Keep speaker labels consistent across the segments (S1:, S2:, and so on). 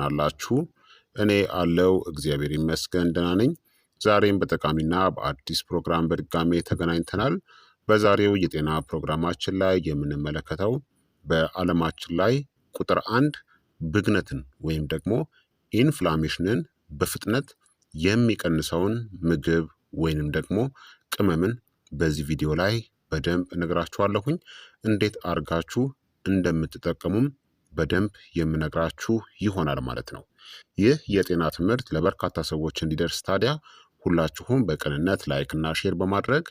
S1: እንደምናላችሁ እኔ አለው እግዚአብሔር ይመስገን ደህና ነኝ። ዛሬም በጠቃሚና በአዲስ ፕሮግራም በድጋሜ ተገናኝተናል። በዛሬው የጤና ፕሮግራማችን ላይ የምንመለከተው በዓለማችን ላይ ቁጥር አንድ ብግነትን ወይም ደግሞ ኢንፍላሜሽንን በፍጥነት የሚቀንሰውን ምግብ ወይንም ደግሞ ቅመምን በዚህ ቪዲዮ ላይ በደንብ እነግራችኋለሁኝ። እንዴት አርጋችሁ እንደምትጠቀሙም በደንብ የምነግራችሁ ይሆናል ማለት ነው። ይህ የጤና ትምህርት ለበርካታ ሰዎች እንዲደርስ ታዲያ ሁላችሁም በቅንነት ላይክ እና ሼር በማድረግ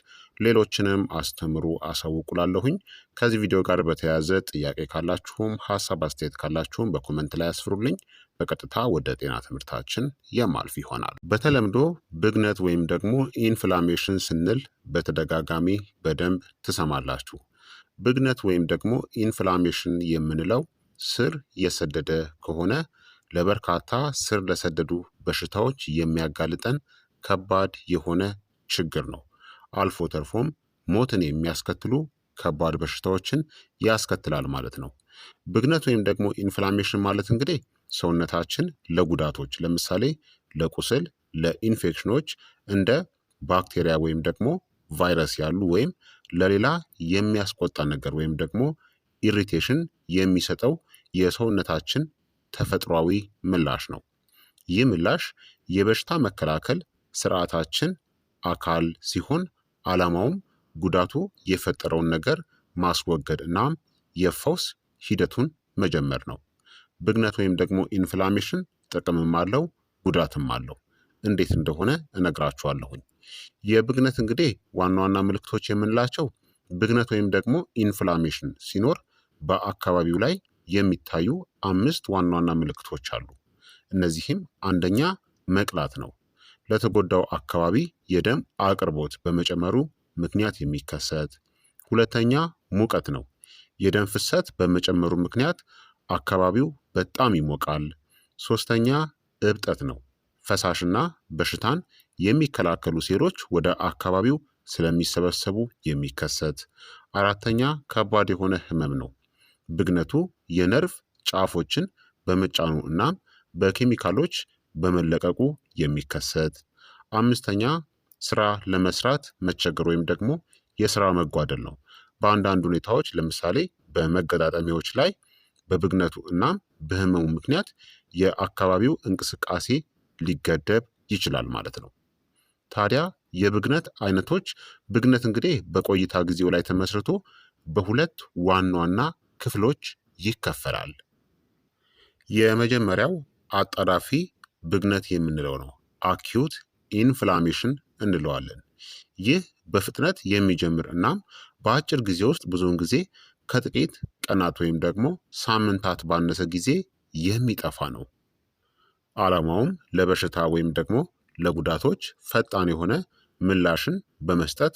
S1: ሌሎችንም አስተምሩ አሳውቁላለሁኝ። ከዚህ ቪዲዮ ጋር በተያያዘ ጥያቄ ካላችሁም ሀሳብ አስተያየት ካላችሁም በኮመንት ላይ አስፍሩልኝ። በቀጥታ ወደ ጤና ትምህርታችን የማልፍ ይሆናል። በተለምዶ ብግነት ወይም ደግሞ ኢንፍላሜሽን ስንል በተደጋጋሚ በደንብ ትሰማላችሁ። ብግነት ወይም ደግሞ ኢንፍላሜሽን የምንለው ስር የሰደደ ከሆነ ለበርካታ ስር ለሰደዱ በሽታዎች የሚያጋልጠን ከባድ የሆነ ችግር ነው። አልፎ ተርፎም ሞትን የሚያስከትሉ ከባድ በሽታዎችን ያስከትላል ማለት ነው። ብግነት ወይም ደግሞ ኢንፍላሜሽን ማለት እንግዲህ ሰውነታችን ለጉዳቶች ለምሳሌ ለቁስል፣ ለኢንፌክሽኖች እንደ ባክቴሪያ ወይም ደግሞ ቫይረስ ያሉ ወይም ለሌላ የሚያስቆጣ ነገር ወይም ደግሞ ኢሪቴሽን የሚሰጠው የሰውነታችን ተፈጥሯዊ ምላሽ ነው። ይህ ምላሽ የበሽታ መከላከል ስርዓታችን አካል ሲሆን ዓላማውም ጉዳቱ የፈጠረውን ነገር ማስወገድ እናም የፈውስ ሂደቱን መጀመር ነው። ብግነት ወይም ደግሞ ኢንፍላሜሽን ጥቅምም አለው ጉዳትም አለው። እንዴት እንደሆነ እነግራችኋለሁኝ። የብግነት እንግዲህ ዋና ዋና ምልክቶች የምንላቸው ብግነት ወይም ደግሞ ኢንፍላሜሽን ሲኖር በአካባቢው ላይ የሚታዩ አምስት ዋና ዋና ምልክቶች አሉ። እነዚህም አንደኛ መቅላት ነው። ለተጎዳው አካባቢ የደም አቅርቦት በመጨመሩ ምክንያት የሚከሰት። ሁለተኛ ሙቀት ነው። የደም ፍሰት በመጨመሩ ምክንያት አካባቢው በጣም ይሞቃል። ሶስተኛ እብጠት ነው። ፈሳሽና በሽታን የሚከላከሉ ሴሎች ወደ አካባቢው ስለሚሰበሰቡ የሚከሰት። አራተኛ ከባድ የሆነ ህመም ነው። ብግነቱ የነርቭ ጫፎችን በመጫኑ እናም በኬሚካሎች በመለቀቁ የሚከሰት። አምስተኛ ስራ ለመስራት መቸገር ወይም ደግሞ የስራ መጓደል ነው። በአንዳንድ ሁኔታዎች ለምሳሌ በመገጣጠሚያዎች ላይ በብግነቱ እናም በህመሙ ምክንያት የአካባቢው እንቅስቃሴ ሊገደብ ይችላል ማለት ነው። ታዲያ የብግነት አይነቶች ብግነት እንግዲህ በቆይታ ጊዜው ላይ ተመስርቶ በሁለት ዋና ዋና ክፍሎች ይከፈላል። የመጀመሪያው አጣዳፊ ብግነት የምንለው ነው። አኪዩት ኢንፍላሜሽን እንለዋለን። ይህ በፍጥነት የሚጀምር እናም በአጭር ጊዜ ውስጥ ብዙውን ጊዜ ከጥቂት ቀናት ወይም ደግሞ ሳምንታት ባነሰ ጊዜ የሚጠፋ ነው። ዓላማውም ለበሽታ ወይም ደግሞ ለጉዳቶች ፈጣን የሆነ ምላሽን በመስጠት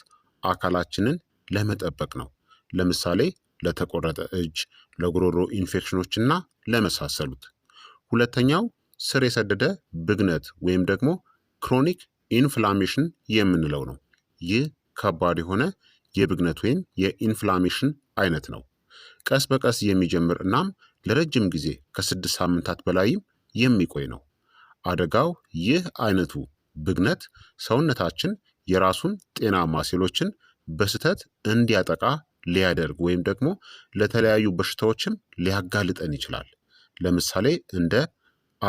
S1: አካላችንን ለመጠበቅ ነው። ለምሳሌ ለተቆረጠ እጅ፣ ለጉሮሮ ኢንፌክሽኖች እና ለመሳሰሉት። ሁለተኛው ስር የሰደደ ብግነት ወይም ደግሞ ክሮኒክ ኢንፍላሜሽን የምንለው ነው። ይህ ከባድ የሆነ የብግነት ወይም የኢንፍላሜሽን አይነት ነው። ቀስ በቀስ የሚጀምር እናም ለረጅም ጊዜ ከስድስት ሳምንታት በላይም የሚቆይ ነው። አደጋው ይህ አይነቱ ብግነት ሰውነታችን የራሱን ጤናማ ሴሎችን በስህተት እንዲያጠቃ ሊያደርግ ወይም ደግሞ ለተለያዩ በሽታዎችም ሊያጋልጠን ይችላል። ለምሳሌ እንደ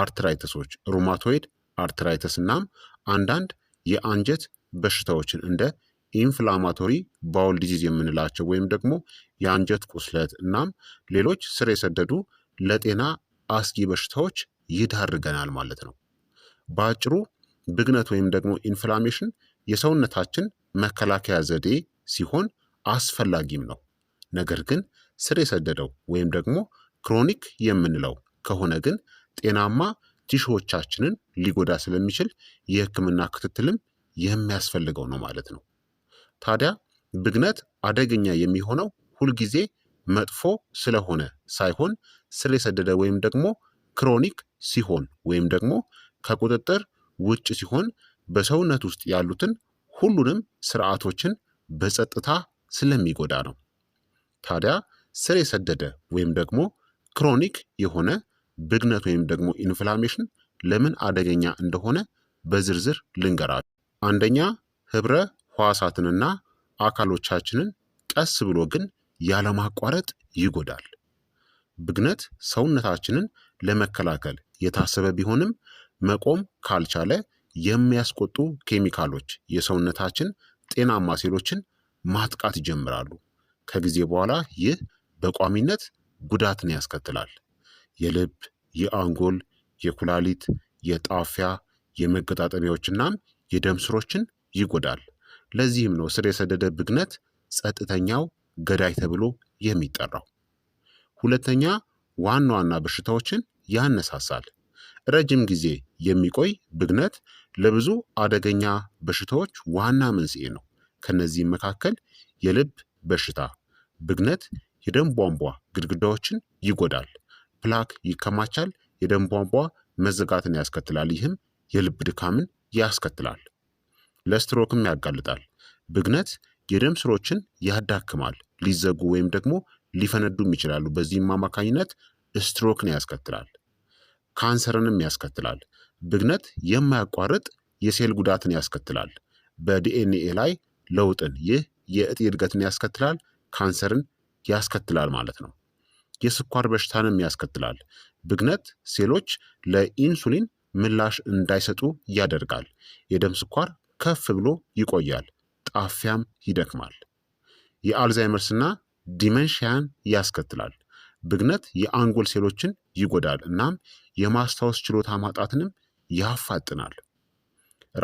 S1: አርትራይተሶች፣ ሩማቶይድ አርትራይተስ እናም አንዳንድ የአንጀት በሽታዎችን እንደ ኢንፍላማቶሪ ባውል ዲዚዝ የምንላቸው ወይም ደግሞ የአንጀት ቁስለት እናም ሌሎች ስር የሰደዱ ለጤና አስጊ በሽታዎች ይዳርገናል ማለት ነው። በአጭሩ ብግነት ወይም ደግሞ ኢንፍላሜሽን የሰውነታችን መከላከያ ዘዴ ሲሆን አስፈላጊም ነው። ነገር ግን ስር የሰደደው ወይም ደግሞ ክሮኒክ የምንለው ከሆነ ግን ጤናማ ቲሾዎቻችንን ሊጎዳ ስለሚችል የህክምና ክትትልም የሚያስፈልገው ነው ማለት ነው። ታዲያ ብግነት አደገኛ የሚሆነው ሁልጊዜ መጥፎ ስለሆነ ሳይሆን ስር የሰደደ ወይም ደግሞ ክሮኒክ ሲሆን ወይም ደግሞ ከቁጥጥር ውጭ ሲሆን በሰውነት ውስጥ ያሉትን ሁሉንም ስርዓቶችን በጸጥታ ስለሚጎዳ ነው። ታዲያ ስር የሰደደ ወይም ደግሞ ክሮኒክ የሆነ ብግነት ወይም ደግሞ ኢንፍላሜሽን ለምን አደገኛ እንደሆነ በዝርዝር ልንገራ አንደኛ ህብረ ህዋሳትንና አካሎቻችንን ቀስ ብሎ ግን ያለማቋረጥ ይጎዳል። ብግነት ሰውነታችንን ለመከላከል የታሰበ ቢሆንም መቆም ካልቻለ የሚያስቆጡ ኬሚካሎች የሰውነታችን ጤናማ ሴሎችን ማጥቃት ይጀምራሉ። ከጊዜ በኋላ ይህ በቋሚነት ጉዳትን ያስከትላል። የልብ፣ የአንጎል፣ የኩላሊት፣ የጣፊያ፣ የመገጣጠሚያዎችናም የደም ስሮችን ይጎዳል። ለዚህም ነው ስር የሰደደ ብግነት ጸጥተኛው ገዳይ ተብሎ የሚጠራው። ሁለተኛ ዋና ዋና በሽታዎችን ያነሳሳል። ረጅም ጊዜ የሚቆይ ብግነት ለብዙ አደገኛ በሽታዎች ዋና መንስኤ ነው። ከነዚህም መካከል የልብ በሽታ፣ ብግነት የደም ቧንቧ ግድግዳዎችን ይጎዳል፣ ፕላክ ይከማቻል፣ የደም ቧንቧ መዘጋትን ያስከትላል። ይህም የልብ ድካምን ያስከትላል። ለስትሮክም ያጋልጣል። ብግነት የደም ስሮችን ያዳክማል፣ ሊዘጉ ወይም ደግሞ ሊፈነዱም ይችላሉ። በዚህም አማካኝነት ስትሮክን ያስከትላል። ካንሰርንም ያስከትላል። ብግነት የማያቋርጥ የሴል ጉዳትን ያስከትላል። በዲኤንኤ ላይ ለውጥን ይህ የእጢ እድገትን ያስከትላል፣ ካንሰርን ያስከትላል ማለት ነው። የስኳር በሽታንም ያስከትላል። ብግነት ሴሎች ለኢንሱሊን ምላሽ እንዳይሰጡ ያደርጋል። የደም ስኳር ከፍ ብሎ ይቆያል፣ ጣፊያም ይደክማል። የአልዛይመርስና ዲመንሽያን ያስከትላል። ብግነት የአንጎል ሴሎችን ይጎዳል፣ እናም የማስታወስ ችሎታ ማጣትንም ያፋጥናል።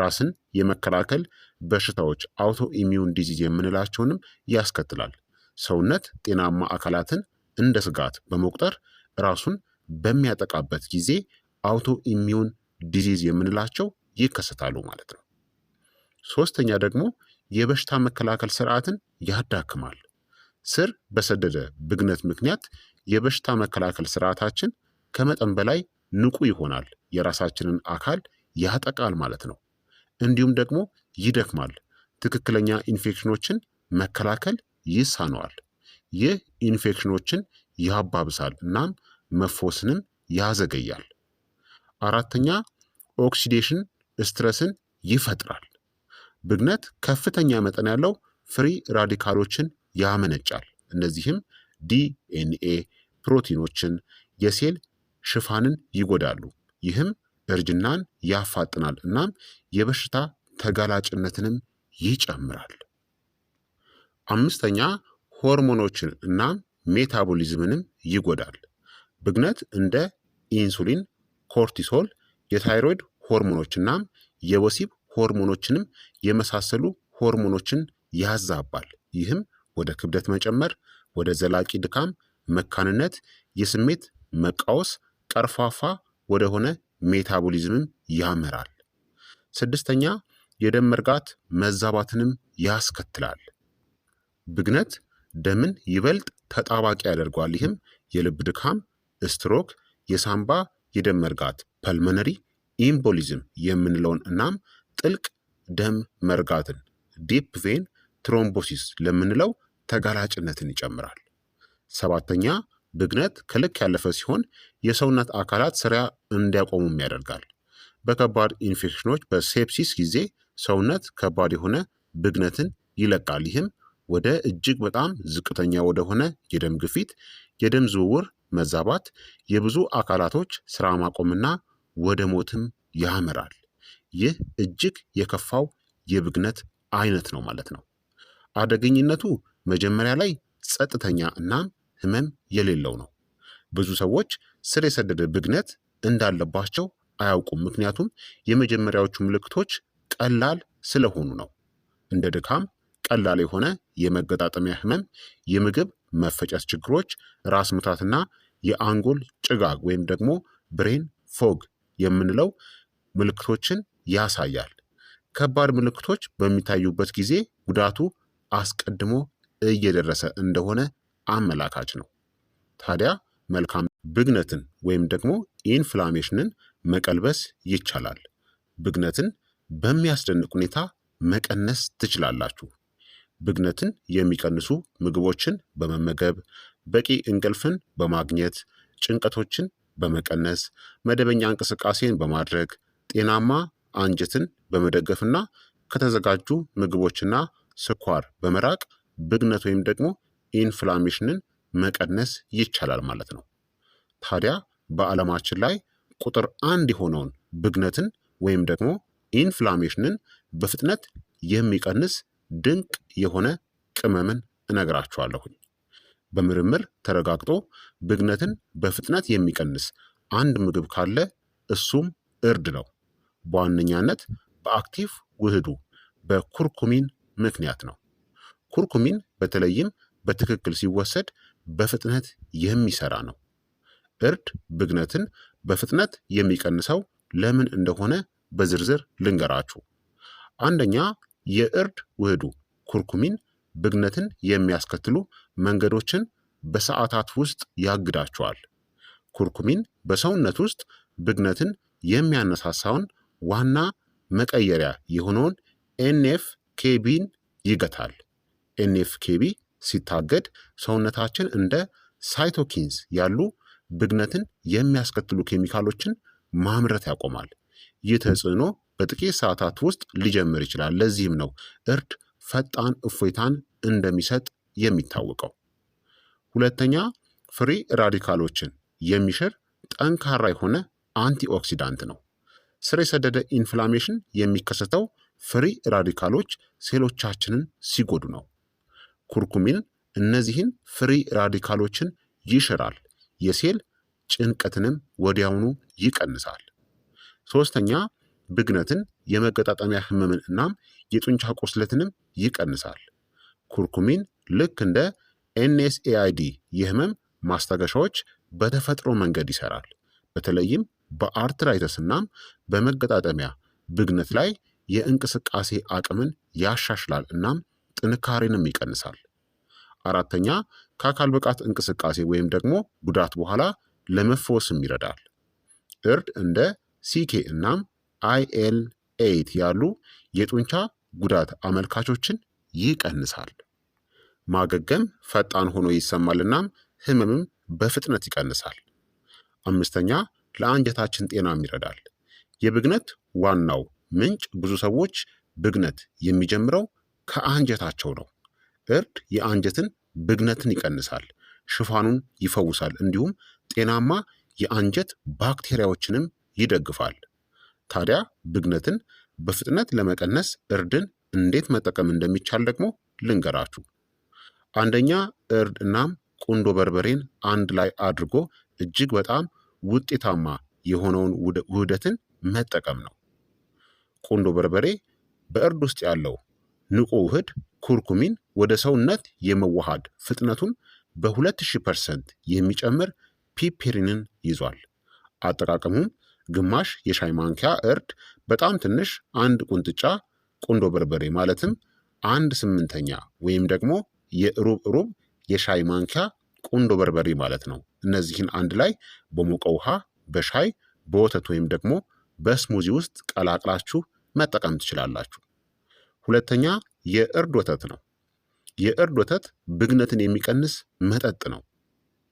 S1: ራስን የመከላከል በሽታዎች አውቶ ኢሚዩን ዲዚዝ የምንላቸውንም ያስከትላል። ሰውነት ጤናማ አካላትን እንደ ስጋት በመቁጠር ራሱን በሚያጠቃበት ጊዜ አውቶ ኢሚዩን ዲዚዝ የምንላቸው ይከሰታሉ ማለት ነው። ሶስተኛ ደግሞ የበሽታ መከላከል ስርዓትን ያዳክማል። ስር በሰደደ ብግነት ምክንያት የበሽታ መከላከል ስርዓታችን ከመጠን በላይ ንቁ ይሆናል፣ የራሳችንን አካል ያጠቃል ማለት ነው። እንዲሁም ደግሞ ይደክማል። ትክክለኛ ኢንፌክሽኖችን መከላከል ይሳነዋል። ይህ ኢንፌክሽኖችን ያባብሳል እናም መፎስንም ያዘገያል። አራተኛ ኦክሲዴሽን ስትረስን ይፈጥራል። ብግነት ከፍተኛ መጠን ያለው ፍሪ ራዲካሎችን ያመነጫል። እነዚህም ዲኤንኤ ፕሮቲኖችን፣ የሴል ሽፋንን ይጎዳሉ። ይህም እርጅናን ያፋጥናል እናም የበሽታ ተጋላጭነትንም ይጨምራል። አምስተኛ ሆርሞኖችን እናም ሜታቦሊዝምንም ይጎዳል። ብግነት እንደ ኢንሱሊን፣ ኮርቲሶል፣ የታይሮይድ ሆርሞኖች እናም የወሲብ ሆርሞኖችንም የመሳሰሉ ሆርሞኖችን ያዛባል። ይህም ወደ ክብደት መጨመር፣ ወደ ዘላቂ ድካም፣ መካንነት፣ የስሜት መቃወስ፣ ቀርፋፋ ወደሆነ ሜታቦሊዝምን ያመራል። ስድስተኛ የደም መርጋት መዛባትንም ያስከትላል። ብግነት ደምን ይበልጥ ተጣባቂ ያደርጓል። ይህም የልብ ድካም፣ ስትሮክ፣ የሳምባ የደም መርጋት ፐልመነሪ ኢምቦሊዝም የምንለውን እናም ጥልቅ ደም መርጋትን ዲፕ ቬን ትሮምቦሲስ ለምንለው ተጋላጭነትን ይጨምራል። ሰባተኛ ብግነት ከልክ ያለፈ ሲሆን የሰውነት አካላት ስራ እንዲያቆሙም ያደርጋል። በከባድ ኢንፌክሽኖች በሴፕሲስ ጊዜ ሰውነት ከባድ የሆነ ብግነትን ይለቃል። ይህም ወደ እጅግ በጣም ዝቅተኛ ወደሆነ የደም ግፊት፣ የደም ዝውውር መዛባት፣ የብዙ አካላቶች ስራ ማቆምና ወደ ሞትም ያመራል። ይህ እጅግ የከፋው የብግነት አይነት ነው ማለት ነው። አደገኝነቱ መጀመሪያ ላይ ጸጥተኛ እናም ህመም የሌለው ነው። ብዙ ሰዎች ስር የሰደደ ብግነት እንዳለባቸው አያውቁም። ምክንያቱም የመጀመሪያዎቹ ምልክቶች ቀላል ስለሆኑ ነው። እንደ ድካም፣ ቀላል የሆነ የመገጣጠሚያ ህመም፣ የምግብ መፈጨት ችግሮች፣ ራስ ምታትና የአንጎል ጭጋግ ወይም ደግሞ ብሬን ፎግ የምንለው ምልክቶችን ያሳያል። ከባድ ምልክቶች በሚታዩበት ጊዜ ጉዳቱ አስቀድሞ እየደረሰ እንደሆነ አመላካች ነው። ታዲያ መልካም ብግነትን ወይም ደግሞ ኢንፍላሜሽንን መቀልበስ ይቻላል። ብግነትን በሚያስደንቅ ሁኔታ መቀነስ ትችላላችሁ። ብግነትን የሚቀንሱ ምግቦችን በመመገብ፣ በቂ እንቅልፍን በማግኘት፣ ጭንቀቶችን በመቀነስ፣ መደበኛ እንቅስቃሴን በማድረግ፣ ጤናማ አንጀትን በመደገፍና ከተዘጋጁ ምግቦችና ስኳር በመራቅ ብግነት ወይም ደግሞ ኢንፍላሜሽንን መቀነስ ይቻላል ማለት ነው። ታዲያ በዓለማችን ላይ ቁጥር አንድ የሆነውን ብግነትን ወይም ደግሞ ኢንፍላሜሽንን በፍጥነት የሚቀንስ ድንቅ የሆነ ቅመምን እነግራችኋለሁኝ። በምርምር ተረጋግጦ ብግነትን በፍጥነት የሚቀንስ አንድ ምግብ ካለ እሱም እርድ ነው። በዋነኛነት በአክቲቭ ውህዱ በኩርኩሚን ምክንያት ነው። ኩርኩሚን በተለይም በትክክል ሲወሰድ በፍጥነት የሚሰራ ነው። እርድ ብግነትን በፍጥነት የሚቀንሰው ለምን እንደሆነ በዝርዝር ልንገራችሁ። አንደኛ የእርድ ውህዱ ኩርኩሚን ብግነትን የሚያስከትሉ መንገዶችን በሰዓታት ውስጥ ያግዳቸዋል። ኩርኩሚን በሰውነት ውስጥ ብግነትን የሚያነሳሳውን ዋና መቀየሪያ የሆነውን ኤንኤፍ ኬቢን ይገታል። ኤንኤፍ ኬቢ ሲታገድ ሰውነታችን እንደ ሳይቶኪንስ ያሉ ብግነትን የሚያስከትሉ ኬሚካሎችን ማምረት ያቆማል። ይህ ተጽዕኖ በጥቂት ሰዓታት ውስጥ ሊጀምር ይችላል። ለዚህም ነው እርድ ፈጣን እፎይታን እንደሚሰጥ የሚታወቀው። ሁለተኛ ፍሪ ራዲካሎችን የሚሽር ጠንካራ የሆነ አንቲኦክሲዳንት ነው። ስር የሰደደ ኢንፍላሜሽን የሚከሰተው ፍሪ ራዲካሎች ሴሎቻችንን ሲጎዱ ነው። ኩርኩሚን እነዚህን ፍሪ ራዲካሎችን ይሽራል። የሴል ጭንቀትንም ወዲያውኑ ይቀንሳል። ሶስተኛ ብግነትን፣ የመገጣጠሚያ ህመምን እናም የጡንቻ ቁስለትንም ይቀንሳል። ኩርኩሚን ልክ እንደ ኤንኤስኤአይዲ የህመም ማስታገሻዎች በተፈጥሮ መንገድ ይሰራል። በተለይም በአርትራይተስ እናም በመገጣጠሚያ ብግነት ላይ የእንቅስቃሴ አቅምን ያሻሽላል እናም ጥንካሬንም ይቀንሳል። አራተኛ ከአካል ብቃት እንቅስቃሴ ወይም ደግሞ ጉዳት በኋላ ለመፈወስም ይረዳል። እርድ እንደ ሲኬ እናም አይኤል ኤይት ያሉ የጡንቻ ጉዳት አመልካቾችን ይቀንሳል። ማገገም ፈጣን ሆኖ ይሰማል እናም ህመምም በፍጥነት ይቀንሳል። አምስተኛ ለአንጀታችን ጤናም ይረዳል። የብግነት ዋናው ምንጭ ብዙ ሰዎች ብግነት የሚጀምረው ከአንጀታቸው ነው። እርድ የአንጀትን ብግነትን ይቀንሳል፣ ሽፋኑን ይፈውሳል፣ እንዲሁም ጤናማ የአንጀት ባክቴሪያዎችንም ይደግፋል። ታዲያ ብግነትን በፍጥነት ለመቀነስ እርድን እንዴት መጠቀም እንደሚቻል ደግሞ ልንገራችሁ። አንደኛ እርድ እናም ቁንዶ በርበሬን አንድ ላይ አድርጎ እጅግ በጣም ውጤታማ የሆነውን ውህደትን መጠቀም ነው። ቁንዶ በርበሬ በእርድ ውስጥ ያለው ንቁ ውህድ ኩርኩሚን ወደ ሰውነት የመዋሃድ ፍጥነቱን በ2000 ፐርሰንት የሚጨምር ፒፒሪንን ይዟል። አጠቃቀሙም ግማሽ የሻይ ማንኪያ እርድ፣ በጣም ትንሽ አንድ ቁንጥጫ ቁንዶ በርበሬ ማለትም አንድ ስምንተኛ ወይም ደግሞ የሩብ ሩብ የሻይ ማንኪያ ቁንዶ በርበሬ ማለት ነው። እነዚህን አንድ ላይ በሞቀ ውሃ፣ በሻይ፣ በወተት ወይም ደግሞ በስሙዚ ውስጥ ቀላቅላችሁ መጠቀም ትችላላችሁ። ሁለተኛ የእርድ ወተት ነው። የእርድ ወተት ብግነትን የሚቀንስ መጠጥ ነው።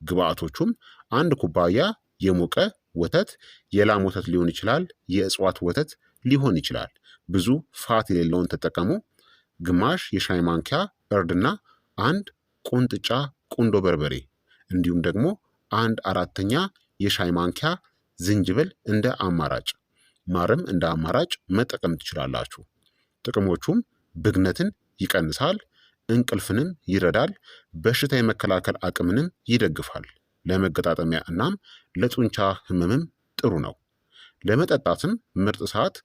S1: ግብአቶቹም አንድ ኩባያ የሞቀ ወተት የላም ወተት ሊሆን ይችላል፣ የእጽዋት ወተት ሊሆን ይችላል። ብዙ ፋት የሌለውን ተጠቀሙ። ግማሽ የሻይ ማንኪያ እርድና አንድ ቁንጥጫ ቁንዶ በርበሬ እንዲሁም ደግሞ አንድ አራተኛ የሻይ ማንኪያ ዝንጅብል እንደ አማራጭ ማርም እንደ አማራጭ መጠቀም ትችላላችሁ። ጥቅሞቹም ብግነትን ይቀንሳል፣ እንቅልፍንም ይረዳል፣ በሽታ የመከላከል አቅምንም ይደግፋል። ለመገጣጠሚያ እናም ለጡንቻ ህመምም ጥሩ ነው። ለመጠጣትም ምርጥ ሰዓት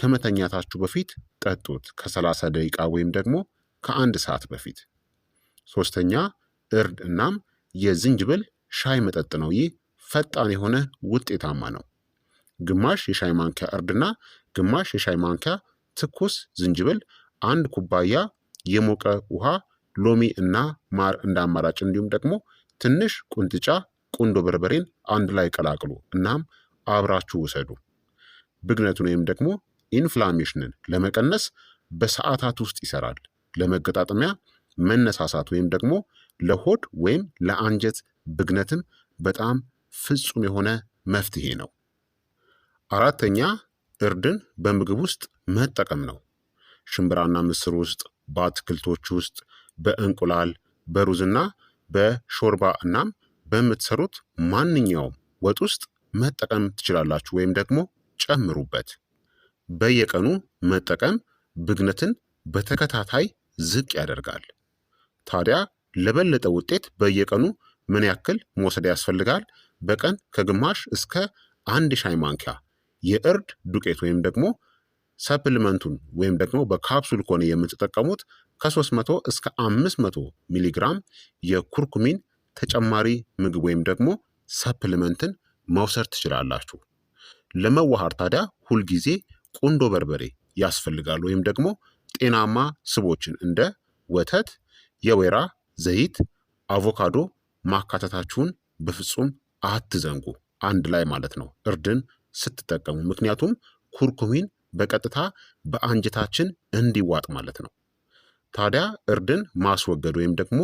S1: ከመተኛታችሁ በፊት ጠጡት፣ ከ30 ደቂቃ ወይም ደግሞ ከአንድ ሰዓት በፊት። ሶስተኛ እርድ እናም የዝንጅብል ሻይ መጠጥ ነው። ይህ ፈጣን የሆነ ውጤታማ ነው። ግማሽ የሻይ ማንኪያ እርድና ግማሽ የሻይ ማንኪያ ትኩስ ዝንጅብል አንድ ኩባያ የሞቀ ውሃ፣ ሎሚ እና ማር እንዳማራጭ እንዲሁም ደግሞ ትንሽ ቁንጥጫ ቁንዶ በርበሬን አንድ ላይ ቀላቅሉ። እናም አብራችሁ ውሰዱ። ብግነቱን ወይም ደግሞ ኢንፍላሜሽንን ለመቀነስ በሰዓታት ውስጥ ይሰራል። ለመገጣጠሚያ መነሳሳት ወይም ደግሞ ለሆድ ወይም ለአንጀት ብግነትም በጣም ፍጹም የሆነ መፍትሄ ነው። አራተኛ እርድን በምግብ ውስጥ መጠቀም ነው። ሽምብራና ምስር ውስጥ፣ በአትክልቶች ውስጥ፣ በእንቁላል በሩዝና በሾርባ እናም በምትሰሩት ማንኛውም ወጥ ውስጥ መጠቀም ትችላላችሁ ወይም ደግሞ ጨምሩበት። በየቀኑ መጠቀም ብግነትን በተከታታይ ዝቅ ያደርጋል። ታዲያ ለበለጠ ውጤት በየቀኑ ምን ያክል መውሰድ ያስፈልጋል? በቀን ከግማሽ እስከ አንድ ሻይ ማንኪያ የእርድ ዱቄት ወይም ደግሞ ሰፕሊመንቱን ወይም ደግሞ በካፕሱል ከሆነ የምትጠቀሙት ከ300 እስከ 500 ሚሊግራም የኩርኩሚን ተጨማሪ ምግብ ወይም ደግሞ ሰፕሊመንትን መውሰድ ትችላላችሁ። ለመዋሃር ታዲያ ሁልጊዜ ቁንዶ በርበሬ ያስፈልጋል። ወይም ደግሞ ጤናማ ስቦችን እንደ ወተት፣ የወይራ ዘይት፣ አቮካዶ ማካተታችሁን በፍጹም አትዘንጉ። አንድ ላይ ማለት ነው እርድን ስትጠቀሙ ምክንያቱም ኩርኩሚን በቀጥታ በአንጀታችን እንዲዋጥ ማለት ነው። ታዲያ እርድን ማስወገድ ወይም ደግሞ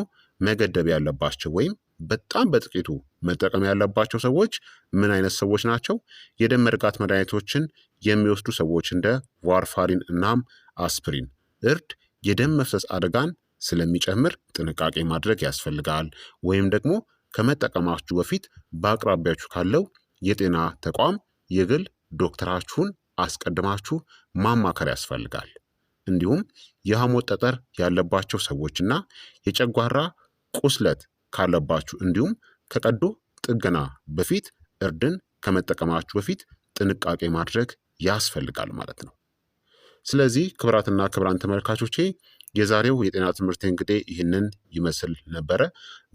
S1: መገደብ ያለባቸው ወይም በጣም በጥቂቱ መጠቀም ያለባቸው ሰዎች ምን አይነት ሰዎች ናቸው? የደም መርጋት መድኃኒቶችን የሚወስዱ ሰዎች እንደ ዋርፋሪን እናም አስፕሪን። እርድ የደም መፍሰስ አደጋን ስለሚጨምር ጥንቃቄ ማድረግ ያስፈልጋል። ወይም ደግሞ ከመጠቀማችሁ በፊት በአቅራቢያችሁ ካለው የጤና ተቋም የግል ዶክተራችሁን አስቀድማችሁ ማማከር ያስፈልጋል። እንዲሁም የሐሞት ጠጠር ያለባቸው ሰዎችና የጨጓራ ቁስለት ካለባችሁ እንዲሁም ከቀዶ ጥገና በፊት እርድን ከመጠቀማችሁ በፊት ጥንቃቄ ማድረግ ያስፈልጋል ማለት ነው። ስለዚህ ክብራትና ክብራን ተመልካቾቼ የዛሬው የጤና ትምህርት እንግዲህ ይህንን ይመስል ነበረ።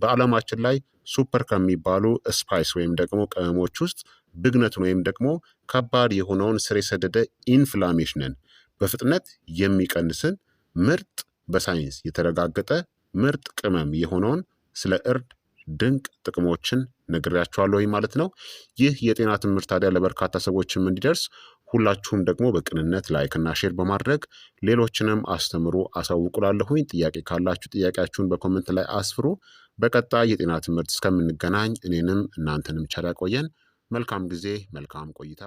S1: በዓለማችን ላይ ሱፐር ከሚባሉ ስፓይስ ወይም ደግሞ ቅመሞች ውስጥ ብግነትን ወይም ደግሞ ከባድ የሆነውን ስር የሰደደ ኢንፍላሜሽንን በፍጥነት የሚቀንስን ምርጥ በሳይንስ የተረጋገጠ ምርጥ ቅመም የሆነውን ስለ እርድ ድንቅ ጥቅሞችን ነግሬያችኋለሁ ማለት ነው። ይህ የጤና ትምህርት ታዲያ ለበርካታ ሰዎችም እንዲደርስ ሁላችሁም ደግሞ በቅንነት እና ሼር በማድረግ ሌሎችንም አስተምሩ፣ አሳውቁላለሁኝ። ጥያቄ ካላችሁ ጥያቄያችሁን በኮመንት ላይ አስፍሩ። በቀጣይ የጤና ትምህርት እስከምንገናኝ እኔንም እናንተንም ቸር ያቆየን። መልካም ጊዜ፣ መልካም ቆይታ።